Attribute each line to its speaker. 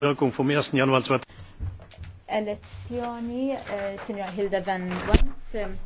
Speaker 1: Welkom vom 1. Januar
Speaker 2: Elezzjoni, eh, Signora Hilda Van Wans, eh,